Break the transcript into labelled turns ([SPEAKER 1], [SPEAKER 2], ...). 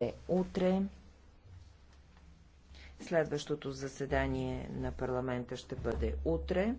[SPEAKER 1] е утре. Следващото заседание на парламента ще бъде утре.